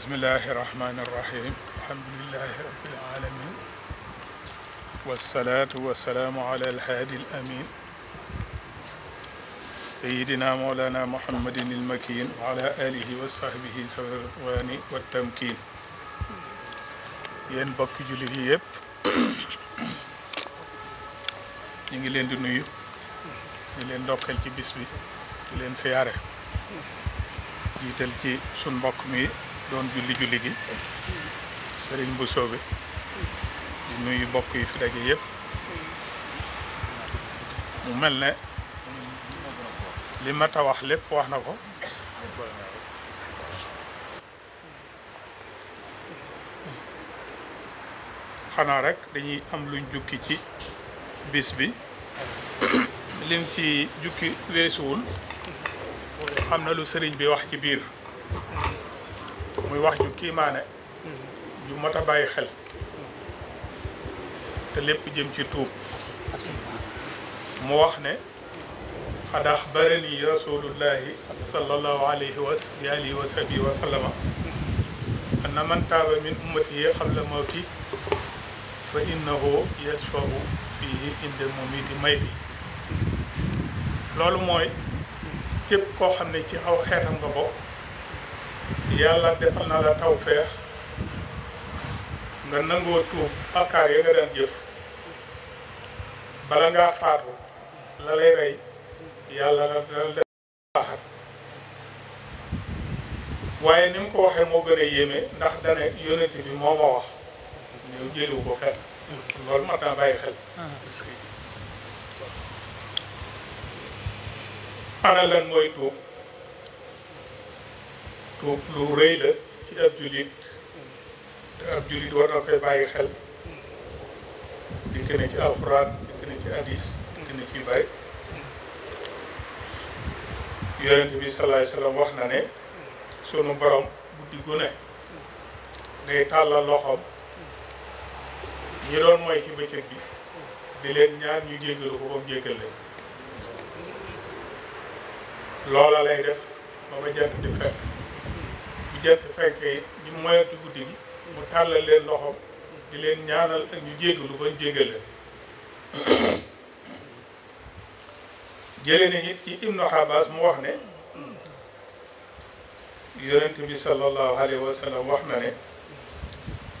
bismillahi rahmani rahim alhamdulilahi rabbil alamin wasalaatu wasalaamu ala alhaadi alamin sayidina moolana mohammadin almakin wa ala alihi wa sahbihi sawaani wa tamkin yéen bokki jullit yi yëpp ñu ngi leen di nuyu di leen ndokkal ci bis bi di leen siyaare jiital ci sun mbokk mi doon julli julli gi sëriñ bu soobe di nuyu bokk yi fi daje yëpp mu mel ne li ma ta wax lépp wax na ko xanaa rekk dañuy am luñ jukki ci bis bi lim ci jukki weesuwul am na lu sëriñ bi wax ci biir muy wax ju kiimaane ju mot a bàyyi xel te lépp jëm ci tuub mu wax ne xad axbarani rasulullahi sallallahu alayhi wa bi alihi wa sahbihi wa sallama anna man taaba min ummatihi xabla mawti fa innahu yasfahu fihi inde mumiti mayti loolu mooy képp koo xam ne ci aw xeetam nga bokk yàlla defal na la taw feex nga nangoo tuub bakkaar ya nga daan jëf bala ngaa faatu la rey yàlla la dal def baaxat waaye ni mu ko waxee moo gën a yéeme ndax dane yonent bi moo ma wax ñëw jëliwu ko fenn loolu mat naa bàyyi xel ana lan mooy tuub lu lu rëy la ci ab jullit te ab jullit war na koy bàyyi xel dikk na ci alxuraan dikk na ci hadis dikk na ci bari yonent wax na ne sunu boroom guddi gu ne day tàllal loxoom ñi doon mooy ci bëccëg bi di leen ñaar ñu jéggalu ko ba mu leen loola lay def ba ba jant di fekk jant fenk it ñu guddi gi mu tàllal leen loxoom di leen ñaanal ak ñu jéggalu bañ jéggal leen jële na ci ibnu Abbas mu wax ne yonent bi sallallahu alayhi wa wax na ne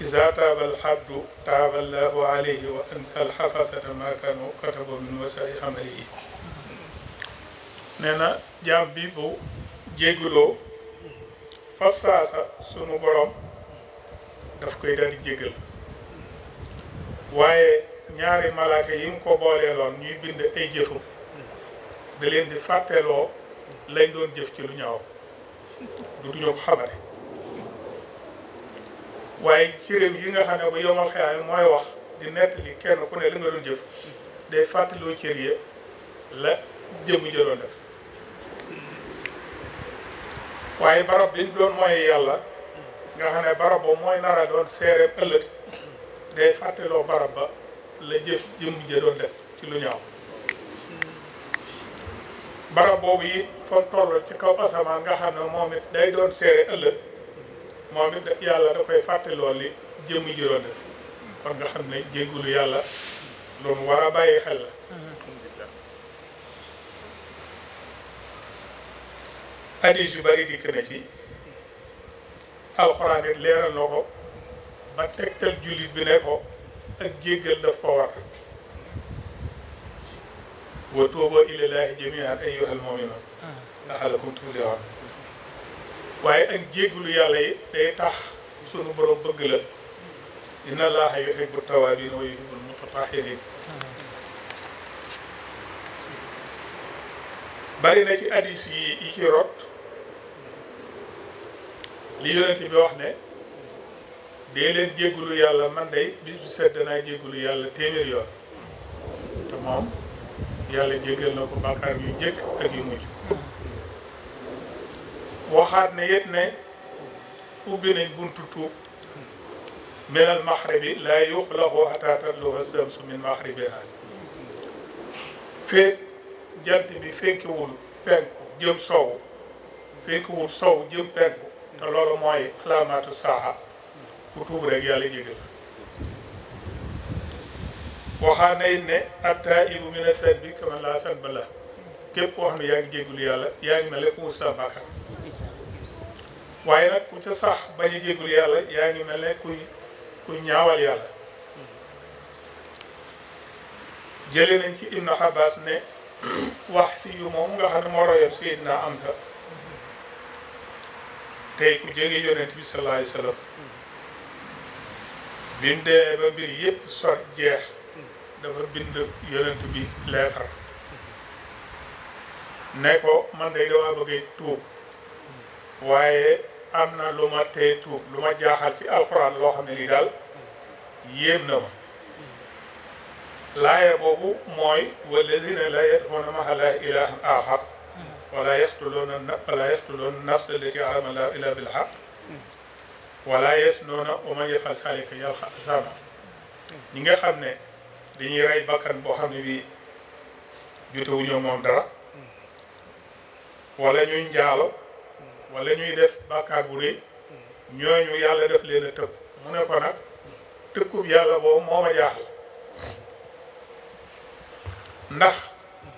isa taaba alxabdu taaba allahu wa ansa alxafasata ma kanu kataba min jaam bi bu jégguloo fas sa sunu borom daf koy daal di waaye ñaari malaaka yi mu ko booleeloon ñuy bind ay jëfu da leen di fàtteeloo lañ doon jëf ci lu ñaw dutuñoo ko xamate waaye cëréem yi nga xam ne bu yomal xeyaami mooy wax di nettali kenn ku ne li nga doon jëf day fàttaloo cër yi la jëmm ja doon waaye barab biñ doon mooy yàlla nga xam ne barab ba mooy nara doon seere ëllëg day fàtteloo barab ba la jëf jëm ja doon def ci lu ñaaw barab boobu it fa mu ci kaw asamaan nga xam ne moom it day doon seere ëllëg moom it yàlla da koy fàtteloo li jëm ji doon def kon nga xam ne jéggulu yàlla loolu war a bàyyi xel la hadis yu bari dikk na ci alxuraan it leeral na ko ba tegtal jullit bi ne ak jéggal daf ko war wa tuuba ilallaahi jamiian ayyuhal mu'minuun la'allakum tuflihuun waaye ak jéggalu yàlla yi day tax sunu borom bëgg la inna allaaha yuhibbu tawaabiin wa yuhibbul mutatahhiriin bari na ci addis yi yi ci rot li yonent bi wax ne dee leen jéggulu yàlla man day bis bu set danaa jéggulu yàlla téeméer yoon te moom yàlla jéggal na ko bàkkaar yu njëkk ak yu mujj waxaat ne yet ne ubbi nañ buntu tuub minal maxribi laa yuxlaqu hatta tatluha shamsu min maxribiha feek jant bi fekkiwul penku jëm sowu fekkiwul sowu jëm penku te loolu mooy alaamaatu saa ku tuub rek yàlla jégal waxaa na it ne attaa'ibu mina zanbi kaman laa zanba lahu képp koo xam ne yaa ngi jégalu yaa ngi mel nag ku ca yàlla yaa ngi mel ne kuy kuy ñaawal yàlla jële nañ ci Ibnu Abbas ne wax si yu moom nga xam ne moo royoon Seydina Amsa tey ku jege yonent bi sallallahu alayhi bindee ba mbir yépp sot jeex dafa bind yonent bi leetar ne ko man de dama bëggee tuub waaye am na lu ma tee tuub lu ma jaaxal ci alxuraan loo xam ne ni daal yéem na ma laaya boobu mooy walladina la yad'una ma'a llahi ilahan axar wala yaqtuluuna wala yaqtuluuna nafsa allati harrama allahu illa bil haqq wala yasnuuna wa man yaf'al zalika yalqa asaama ñi nga xam ne dañuy rey bakkan boo xam ne bii jotewuñu moom dara wala ñuy njaalo wala ñuy def bàkkaar bu rëy ñooñu yàlla def leen a mu ne ko nag tëkkub yàlla boobu moo ma jaaxal ndax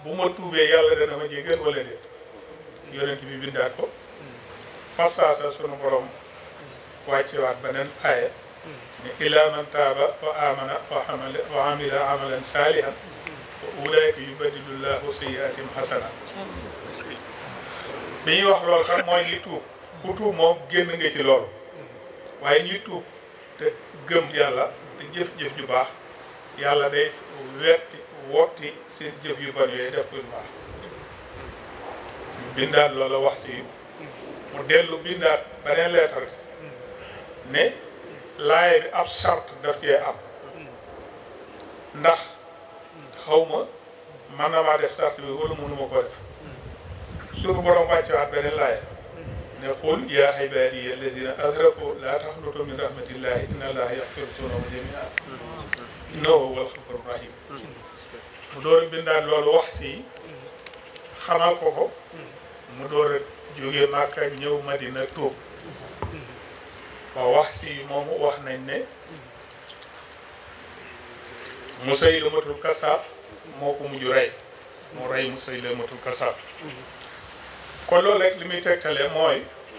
bu ma tuubee yàlla dana ma jéggal wala déet yonent bi bindaat ko fassaasa sunu borom wàccewaat beneen aaya ne illa man taaba wa amana wa amila amalan saalihan fa ulaayka yubaddilu llahu sayyi'aatihim hasanat bi ñuy wax loolu xam mooy ñi tuub ku moom génn nga ci loolu waaye ñi tuub te gëm yàlla te jëf-jëf ju baax yàlla day wetti wotti seen jëf yu bon yooyu def ko bindaat loola wax si mu dellu bindaat beneen leetar ne laay bi ab sart daf cee am ndax xaw ma man na maa def sart bi wala mënuma ko def suñu borom wàccewaat beneen laay ne qul yaa ibaadiya allazina asrafu laa taxnatu min rahmatillahi inna allaha yaxfiru zunuba jamiian innahu huwal xafuuru rahim mu door a bindaat loolu wax si xamal ko ko mu door a jóge Màkka ñëw Madina tuub ba wax si moomu wax nañ ne Musaylimatul Kasaab moo ko mujj rey mu rey Musaylimatul Kasaab kon loolu rek li muy tegtale mooy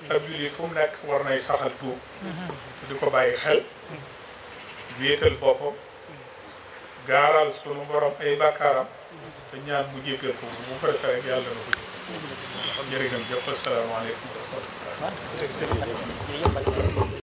ab jullit fu mu nekk war nay saxal tuub di ko bàyyi xel wéetal boppam gaaral sunu borom ay bàkkaaram te ñaan mu jéggal ko bu préféré yàlla na ko jëf jërëjëf jëpp asalaamaaleykum wa rahmatullah